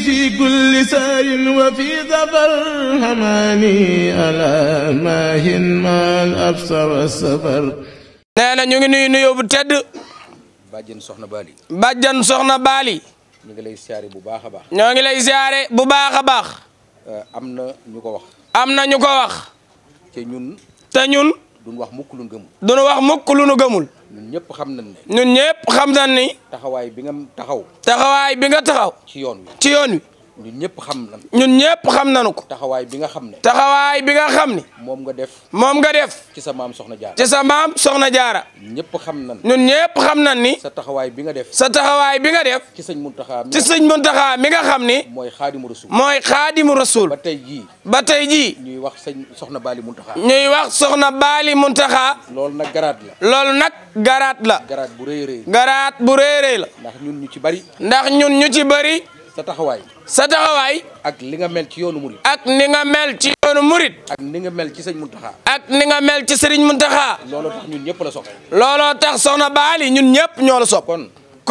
في كل سير ñu ngi nuy nuyoo bu tedd. Bàjjan Soxna Baali. Soxna Baali. ñu ngi lay siyaare bu baax a baax. ñoo ngi lay siyaare bu baax a baax. Eh, am na ñu ko wax. am na ñu ko wax. te ñun. te ñun. duñ wax mukk lu nu gëmul. wax mukk lu nu gëmul. ñun ñëpp xam nañ ne. ñun ñëpp xam nañ ni. taxawaay bi nga taxaw. taxawaay bi nga taxaw. ci yoon wi ci yoon wi. ñun ñëpp xam nañu. ñun ñëpp xam nañu ko. taxawaay bi nga xam ne. taxawaay bi nga xam ni. moom nga def. moom nga def. ci sa maam soxna jaara. sa maam soxna jaara. ñëpp xam nañu. ñun ñëpp xam nañu ni. sa taxawaay bi nga def. sa taxawaay bi nga def. ci sëñ Muntaxa mi. ci sëñ Muntaxa mi nga xam ni. mooy xaadimu rasul. mooy xaadimu rasul. ba tey jii. ba tey jii. ñuy wax sëñ soxna Baali Muntaxa. ñuy wax soxna Baali Muntaxa. loolu nag garaat la. loolu nag garaat la. garaat bu rëy rëy. bu rëy la. ñu ci bari. ndax ñun ñu ci bari sa taxawaay. sa taxawaay. ak li nga mel ci yoonu murit. ak ni nga mel ci yoonu murit. ak ni nga mel ci sëñ Muntaxa. ak ni nga mel ci sëriñ Muntaxa. looloo tax ñun ñëpp la soxla. looloo tax soxna Baali ñun ñëpp ñoo la sopp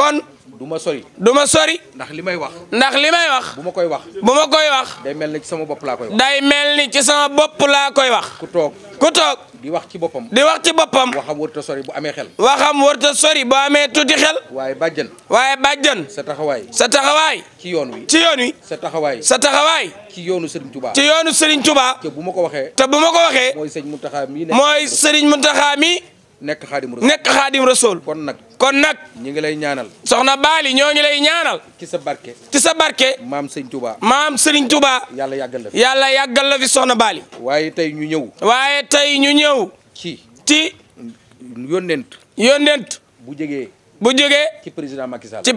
kon. du ma sori. du ma sori. ndax li may wax. ndax li may wax. bu ma koy wax. bu ma koy wax. day mel ni ci sama bopp laa koy wax. day mel ni ci sama bopp laa koy wax. ku toog ku toog. di wax ci boppam. di wax ci boppam. waxam warut a sori bu amee xel. waxam warut a sori bu amee tuuti xel. waaye bàjjan. waaye bàjjan. sa taxawaay. sa taxawaay. ci yoon wi. ci yoon wi. sa taxawaay. sa taxawaay. ci yoonu Serigne Touba. ci yoonu Serigne Touba. te bu ma ko waxee. te bu ma ko waxee. mooy Serigne Mountakha mii. mooy Serigne Mountakha mii. nekk xaadim rasul nekk xaadim rasul kon nag kon nag ñi ngi lay ñaanal soxna Baali ñoo ngi lay ñaanal ci sa barke ci sa barke maam Sëriñ Touba maam Sëriñ Touba yàlla yàggal la fi yàlla yàggal la fi soxna Baali waaye tey ñu ñëw waaye tey ñu ñëw ci ci yónnent yónnent bu jógee bu jógee ci président Macky Sall ci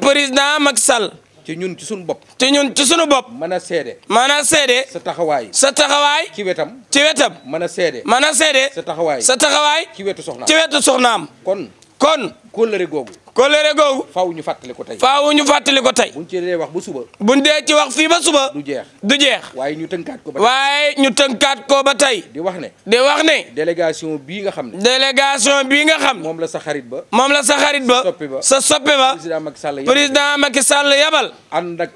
te ñun ci suñu bopp. te ñun ci sunu bopp. mën a seede. mën a sa taxawaay. sa taxawaay. ci wetam. ci wetam. mën a seede. mën a sa taxawaay. sa taxawaay. ci wetu soxnaam. ci wetu soxnaam. kon. kon. kóllëre googu. kóllëre googu faw ñu fàttali ko tey faaw ñu fàttali ko tey buñ ci dee wax ba suba buñ dee ci wax fii ba suba du jeex du jeex waaye ñu tënkaat ko ba waaye ñu tënkaat ko ba tey di wax ne di wax ne délégation bii nga xam ne délégation bii nga xam moom la sa xarit ba moom la sa xarit ba sa soppe ba président Macky Sall président Macky Sall yabal ànd ak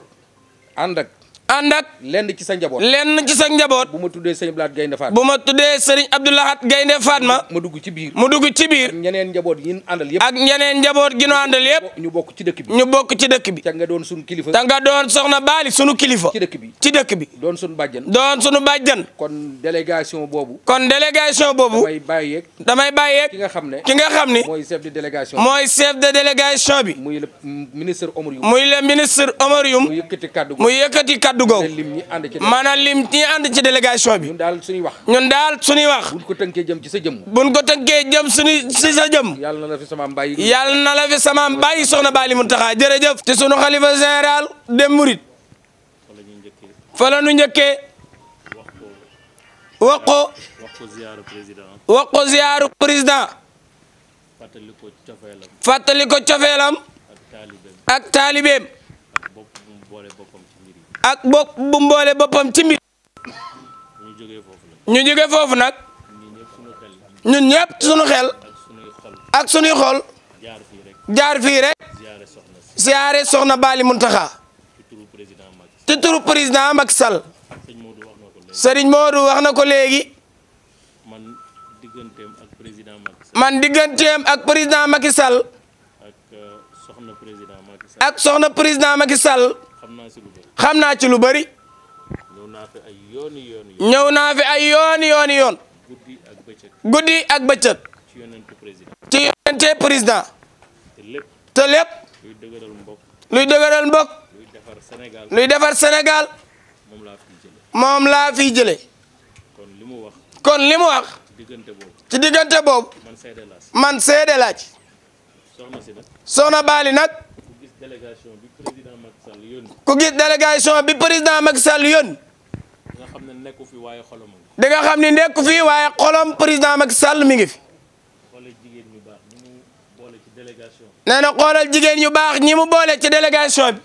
ànd ak ànd ak lenn ci sa njaboot lenn ci sa njaboot bu ma tuddee sëriñ Abdoulahat Gaynde Fatma bu ma tuddee sëriñ Abdoulahat Gaynde Fatma ma dugg ci biir mu dugg ci biir ak ñeneen njaboot yi ñu àndal yëpp ak ñeneen gi ñu àndal yëpp ñu bokk ci dëkk bi ñu bokk ci dëkk bi te nga doon sunu kilifa te nga doon soxna baali sunu kilifa ci dëkk bi ci dëkk bi doon sunu bàjjan doon sunu bàjjan kon délégation boobu kon délégation boobu damay bàyyeeg damay bàyyeeg ki nga xam ne ki nga xam ni mooy chef de délégation mooy chef de délégation bi muy le ministre Omar Youm muy le ministre Omar Youm mu yëkkati kaddu googu mën a lim ñi ànd ci délégation bi ñun daal suñuy wax ñun daal suñuy wax ko tënkee jëm ci sa jëm buñ ko tënkee jëm suñu si sa jëm yàlla na la fi sama mbaay na la fi sama mbaay soxna Baali Muntaxa jërëjëf te sunu xalifa général des Mourides fa la nu njëkkee wax ko wax ko ziyaaru président fàttali ko cofeelam ak taalibeem ak boole boppam ak bokk bu mboole boppam ci mbir ñu jógee foofu nag ñun ñëpp sunu xel ak suñuy xol jaar fii rek siyaare soxna Baali Muntaxa ci turu président Macky Sall Serigne Modou wax na ko léegi man digganteem ak président Macky Sall ak soxna président Macky Sall xam naa ci lu bëri ñëw naa fi ay yooni yooni yoon guddi ak bëccëg ci yonente président te lépp luy dëgëral mbokk luy defar Sénégal moom laa fi jële kon li mu wax ci diggante boobu man seede laaj soxna Baali nag ku gis délégation bi président Macky Sall yónni da xam ne nekku fi waaye xolom da nga xam ne nekku fi waaye président Macky Sall mi ngi fi nee na xoolal jigéen yu baax ñi mu boole ci délégation bi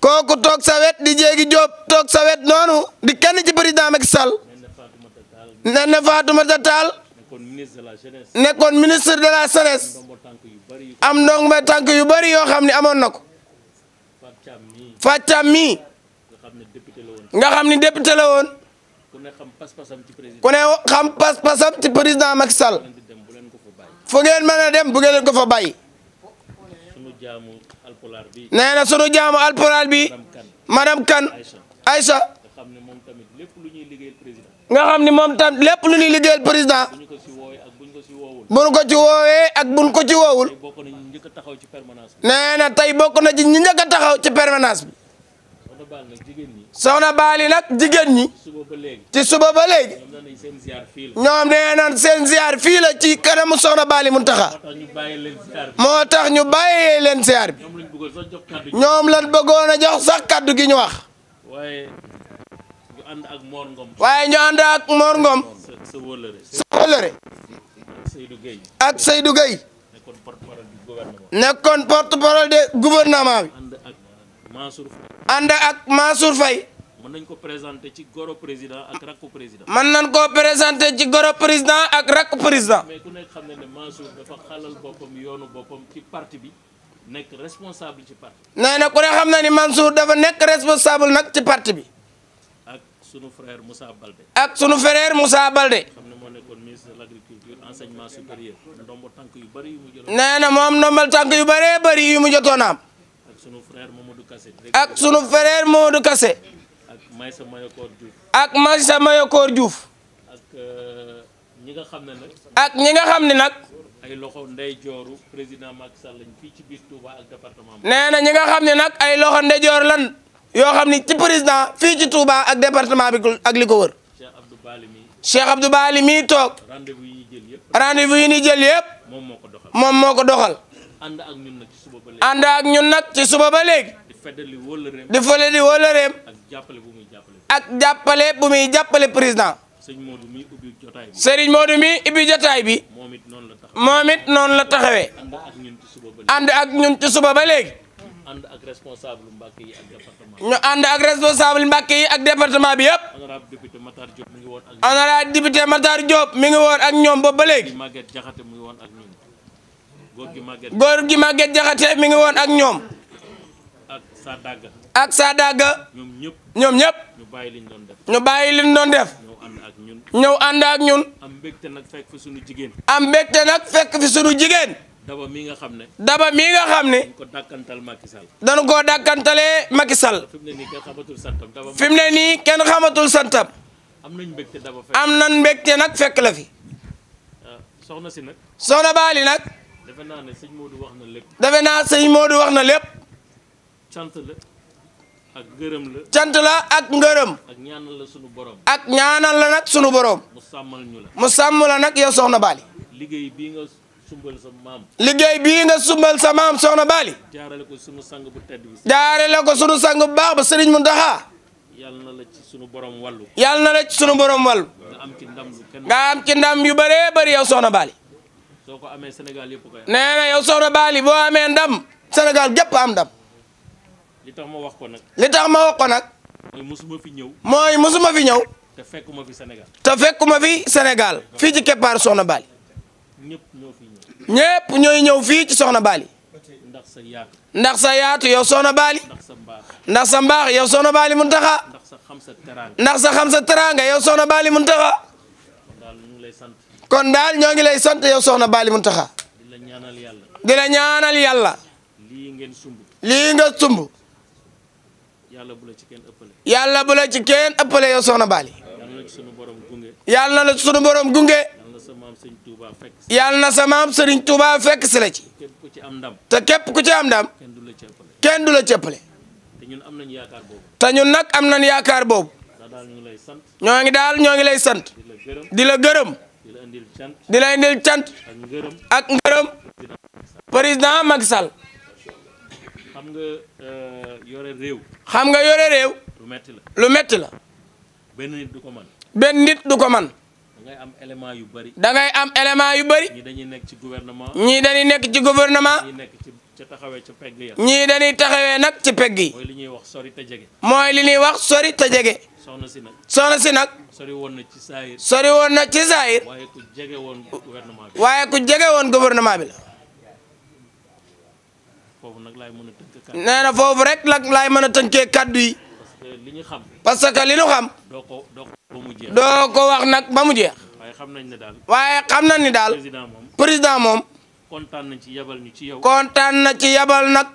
kooku toog sa wet di jéegi Jóob toog sa wet noonu di kenn ci président Macky Sall nee na Fatoumata Tall nekkoon ministre de la jeunesse am ndong ma tànk yu bëri yoo xam ne amoon na ko Fathia mii nga xam ni député la woon ku ne xam pas-pasam ci président Macky Sall fu ngeen mën a dem bu ngeen leen ko fa bàyyi ne na sunu jaamu alpulaar bi madame Kane Aïcha nga xam ni moom tam lépp lu ñuy liggéeyal président buñ ko ci woowee ak buñ ko ci woowul nee tey bokk na ci ñi njëkk taxaw ci permanence bi soxna Baali nag jigéen ñi ci suba ba léegi ñoom nee naan seen ziar fii la ci kanamu soxna Baali Muntaxa moo tax ñu bàyyee leen ziar bi ñoom lan bëggoon a jox sax kàddu gi ñu wax waaye ñu ànd ak Mor Ngom waaye wëlëre Seydou Gueye ak Seydou Gueye nekkoon porte-parole du gouvernement nekkoon porte-parole de gouvernement bi ànd ak Mansour Faye ànd ak Mansour Faye ko présenter ci goro président ak rakku président mën nañ koo présenter ci goro président ak rakku président mais ku nekk xam ne ne Mansour dafa xalal boppam yoonu boppam ci parti bi nekk responsable ci parti nee na na ni Mansour dafa nekk responsable nag ci parti bi sunu frère Moussa Balde. ak sunu frère Moussa Balde. xam ne moo nekkoon ministre de l'agriculture enseignement supérieur. ndombo tànk yu bëri moom ndombal tànk yu bëree bëri yu mu jotoon am. ak sunu frère Mamadou Kassé. ak sunu frère ak Maysa Mayokoor Mayokoor Diouf. ak euh, ñi nga xam ne nag. ak ñi nga xam ne nag. ay loxo ndey jooru président Macky Sall lañ fii ci biir Touba ak département joor lan. yoo xam ni ci président fii ci Touba ak département bi ak li ko wër Cheikh Abdou Bali mii toog rendez-vous yi jël yëpp rendez-vous yi ni jël yëpp moom moo ko doxal moom moo ko doxal ànd ak ñun nag ci suba ba léegi ñun nag ci suba ba léegi di fëddali wóllëreem di fëddali ak jàppale bu muy jàppale ak jàppale bu muy jàppale président Serigne moodu mi ubbi jotaay bi Serigne Modou bi moom it noonu la taxawee moom it la taxawee ànd ak ba léegi ak ñun ci suba ba léegi ànd ak responsable Mbàkke yi ak département bi. ñu ànd ak responsable Mbàkke yi ak département bi yëpp. honorable député Matar Diop mi ngi woon ak. honorable député ñoom ba ba léegi. Maguette Diakhaté mi ngi woon ak ñoom. góor gi Maguette góor gi Maguette Diakhaté mi ngi woon ak ñoom. ak Sadaga. ak Sadaga. ñoom ñëpp ñoom ñëpp. ñu bàyyi li doon def. ñu bàyyi li ñu doon ak ñun. ñëw ànd ak ñun. am mbégte nag fekk jigéen. am mbégte nag fekk fi sunu jigéen. daba mi nga xam ne. daba mi nga ne. dañu ko dàkkantal koo dàkkantalee Macky Sall. fi mu ne nii kenn xamatul santam fi mu ne nii kenn xamatul santam. am nañ mbégte daba fekk. am nag fekk la fi. Ah, soxna si nag. soxna Baali nag. defe naa ne sëñ Modou wax na lépp. defe naa sëñ Modou wax na lépp. la ak ngërëm la. cant ak ngërëm. ak ñaanal la sunu borom. ak ñaanal la sunu borom. mu sàmmal ñu la. mu sàmm nag yow soxna Baali. sumbal sa liggéey bii nga sumbal sa maam soxna Bali. jaarale ko sunu sang bu tedd bi. jaarale ko sunu sang bu baax ba Serigne Mountakha. yàlla na la ci borom wàllu. yàlla na la ci sunu borom wàllu. nga am ci ndam yu bëree bëri yow soxna Bali. soo ko amee Sénégal yëpp koy am. soxna Bali boo amee ndam. Sénégal gépp am ndam. li tax ma wax ko nag. li tax ma wax ko nag. mooy mosuma fi ñëw. mooy mosuma fi ñëw. fekkuma fi senegal te fekkuma fi Sénégal fii ci Keppaar Soxna Bali. ñëpp ñooy ñëw fii ci soxna Bali. ndax sa yaatu. ndax sa yaatu yow soxna Bali. ndax sa mbaax yow soxna Bali Muntaxa. ndax sa xam sa teraanga. ndax sa xam sa teraanga yow soxna Bali Muntaxa. kon daal ñoo ngi lay sant yow soxna Bali Muntaxa. di la ñaanal yàlla. di la ñaanal yàlla. lii ngeen sumb. lii nga sumb. yàlla bu la ci kenn ëppale. yàlla la ci kenn yow soxna Bali. yàlla la ci sunu borom gunge. yàlla na sa maam sëriñ Touba fekk si. na sa maam sëriñ Touba fekk si la ci. te képp ku ci am ndam. te képp ku ci am ndam. kenn du la cëppale. kenn du la cëppale. te ñun am nañu yaakaar boobu. te ñun nag am nañu yaakaar boobu. daal ñu ngi lay sant. ñoo ngi daal ñoo ngi lay sant. di la gërëm di la gërëm. di la indil cant. di la indil ak ngërëm. ak ngërëm. président Macky Sall. xam nga euh, yore réew. xam nga yore réew. lu metti la lu metti la. benn benn nit du ko man. dangay am élément yu bëri. dangay am élément yu bëri. ñii dañuy nekk ci gouvernement. ñii dañuy nekk ci gouvernement. nekk ci ca taxawee ca pegg ya. ñii dañuy taxawee nag ci pegg yi. mooy li ñuy wax sori ta jege. mooy li ñuy wax sori te jege. soxna si nag. soxna si nag. sori woon na ci saayir. sori woon na ci saayir. waaye ku jege woon gouvernement bi. waaye ku jege woon gouvernement bi la. foofu nag laay mën a tënk kàddu yi. nee foofu rek nag laay mën a tënkee kàddu yi. li ñu xam. parce que li ñu xam. doo ko doo ko mu jeex. doo ko wax nag ba mu jeex. waaye xam nañ ne daal. waaye xam nañ ni daal. président moom président moom. kontaan na ci yabal ñu ci yow. kontaan na ci yabal nag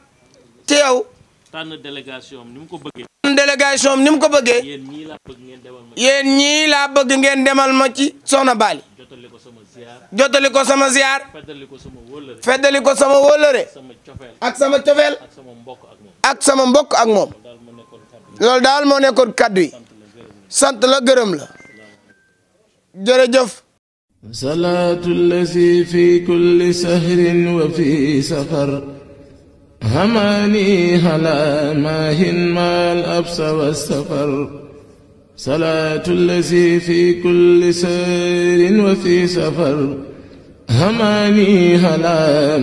ci yow. tànn délégation ni mu ko bëggee. tànn délégation am mu ko bëggee. yéen ñii laa bëgg ngeen demal ma ci. yéen ñii laa bëgg ngeen demal ma ci Soxna Bali. jotali ko sama ziar. jotali ko sama ziar. feddali ko sama wóllëre. feddali ko sama wóllëre. ak sama cofeel. ak sama mbokk ak ak sama mbokk ak moom. loolu daal moo nekkoon kàddu yi sant la gërëm la jërëjëf salaatu allazi fi kulli sahrin wa fi safar hamani hala mahin mal absa wa safar salaatu allazi fi kulli sahrin wa fi safar hamani hala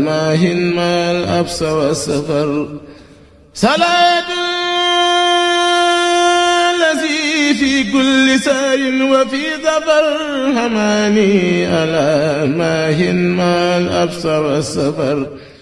mahin mal absa wa safar salaatu في كل سار وفي ظفر هماني ألا ماهن ما الأبصر والسفر